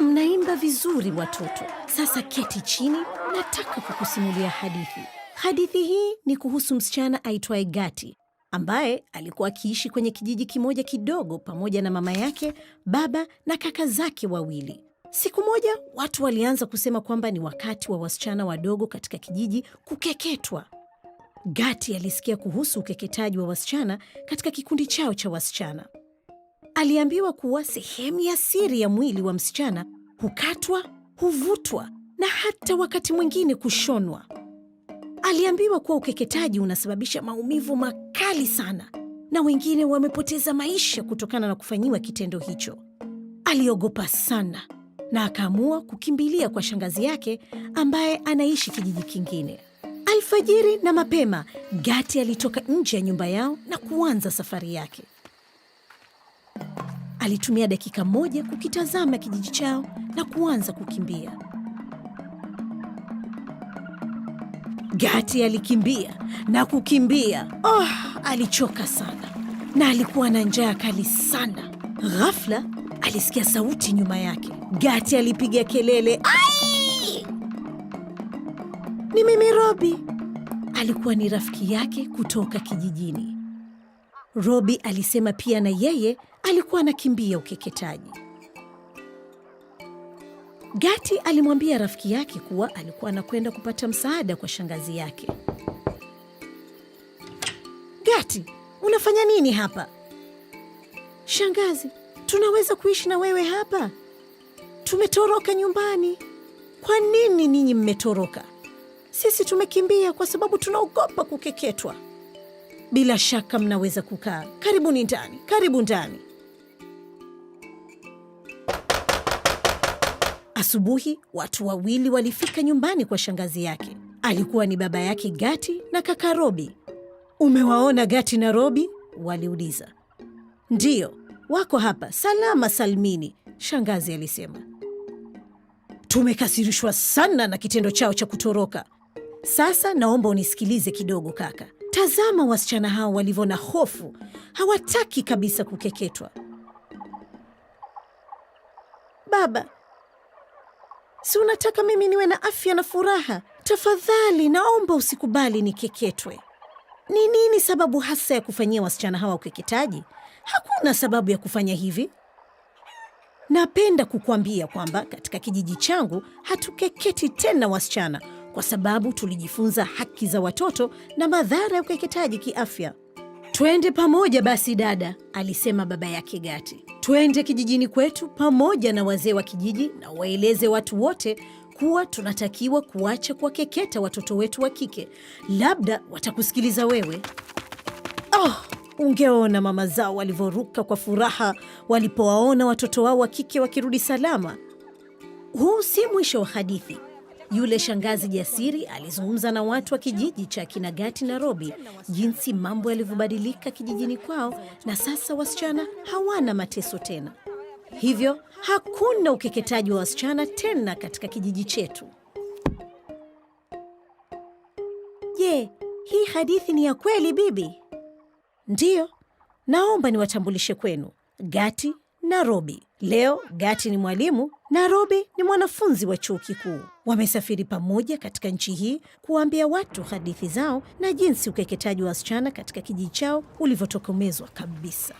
Mnaimba vizuri watoto. Sasa keti chini, nataka kukusimulia hadithi. Hadithi hii ni kuhusu msichana aitwaye Gati ambaye alikuwa akiishi kwenye kijiji kimoja kidogo pamoja na mama yake, baba na kaka zake wawili. Siku moja watu walianza kusema kwamba ni wakati wa wasichana wadogo katika kijiji kukeketwa. Gati alisikia kuhusu ukeketaji wa wasichana katika kikundi chao cha wasichana. Aliambiwa kuwa sehemu ya siri ya mwili wa msichana hukatwa, huvutwa na hata wakati mwingine kushonwa. Aliambiwa kuwa ukeketaji unasababisha maumivu makali sana na wengine wamepoteza maisha kutokana na kufanyiwa kitendo hicho. Aliogopa sana na akaamua kukimbilia kwa shangazi yake ambaye anaishi kijiji kingine. Alfajiri na mapema, Gati alitoka nje ya nyumba yao na kuanza safari yake. Alitumia dakika moja kukitazama kijiji chao na kuanza kukimbia. Gati alikimbia na kukimbia. Oh, alichoka sana na alikuwa na njaa kali sana. Ghafla alisikia sauti nyuma yake. Gati alipiga kelele, ai, ni mimi Robi. Alikuwa ni rafiki yake kutoka kijijini. Robi alisema pia na yeye alikuwa anakimbia ukeketaji. Gati alimwambia rafiki yake kuwa alikuwa anakwenda kupata msaada kwa shangazi yake. Gati, unafanya nini hapa? Shangazi, tunaweza kuishi na wewe hapa? Tumetoroka nyumbani. Kwa nini ninyi mmetoroka? Sisi tumekimbia kwa sababu tunaogopa kukeketwa. Bila shaka mnaweza kukaa. Karibu ni ndani, karibu ndani. Asubuhi watu wawili walifika nyumbani kwa shangazi yake. Alikuwa ni baba yake Gati na kaka Robi. Umewaona Gati na Robi? waliuliza. Ndiyo, wako hapa salama salmini, shangazi alisema. Tumekasirishwa sana na kitendo chao cha kutoroka. Sasa naomba unisikilize kidogo kaka. Tazama wasichana hao walivyo na hofu, hawataki kabisa kukeketwa. Baba, Si unataka mimi niwe na afya na furaha? Tafadhali naomba usikubali nikeketwe. Ni nini sababu hasa ya kufanyia wasichana hawa ukeketaji? Hakuna sababu ya kufanya hivi. Napenda kukuambia kwamba katika kijiji changu hatukeketi tena wasichana, kwa sababu tulijifunza haki za watoto na madhara ya ukeketaji kiafya. Twende pamoja basi dada, alisema baba yake Gati. Twende kijijini kwetu pamoja na wazee wa kijiji na waeleze watu wote kuwa tunatakiwa kuacha kuwakeketa watoto wetu wa kike. Labda watakusikiliza wewe. Oh, ungeona mama zao walivyoruka kwa furaha walipowaona watoto wao wa kike wakirudi salama. Huu si mwisho wa hadithi. Yule shangazi jasiri alizungumza na watu wa kijiji cha Kinagati Nairobi, jinsi mambo yalivyobadilika kijijini kwao, na sasa wasichana hawana mateso tena, hivyo hakuna ukeketaji wa wasichana tena katika kijiji chetu. Je, hii hadithi ni ya kweli, bibi? Ndiyo, naomba niwatambulishe kwenu Gati Robi. Leo Gati ni mwalimu, Robi ni mwanafunzi wa chuo kikuu. Wamesafiri pamoja katika nchi hii kuwaambia watu hadithi zao na jinsi ukeketaji wa wasichana katika kijiji chao ulivyotokomezwa kabisa.